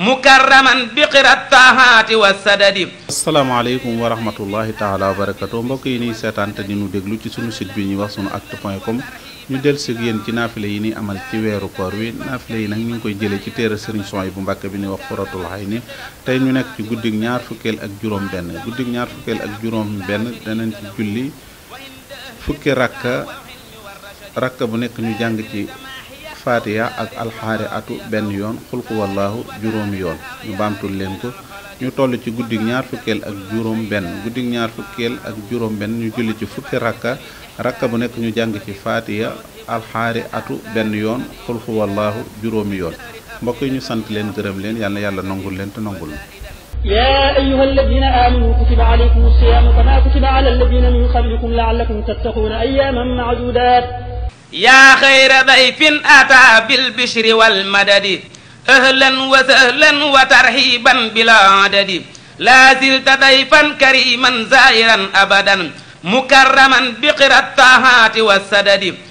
mukarraman bi qirat taahaati wa sadadi asalaamaaleykum wa rahmatullahi taala wa barakatu mbokk yi niy seetaante te di déglu ci sunu site bi ñuy wax sunu actu point com ñu del si yéen ci naafile yi ni amal ci weeru koor wi naafile yi nag ñu ngi koy jëlee ci téere sëriñ son yi bu mbàkk bi ni wax furatul xay ni tey ñu nekk ci guddig ñaar fukkeel ak juróom benn guddig ñaar fukkeel ak juróom benn danañ ci julli fukki rakka rakka bu nekk ñu jàng ci fatiha ak alxaari atu benn yoon xulqu wallaahu juróomi yoon ñu baamtul leen ko ñu toll ci guddig ñaar fukkeel ak juróom benn guddig ñaar ak juróom benn ñu julli ci fukki rakka rakka bu nekk ñu jàng ci fatiha alxaari atu benn yoon xulqu wallaahu juróomi yoon mbokk yi ñu sant leen gërëm leen yàlla yàlla nangul leen te nangul يا أيها الذين آمنوا كتب عليكم الصيام كما كتب على الذين من قبلكم لعلكم تتقون أياما معدودات yaa xayra dayfin ataa bil bishri wal madadi ahlan wa sahlan wa tarxiiban bila adadi laa zilta dayfan kariman zaa'iran abadan mukarraman bi qiraat taahaati wa sadadi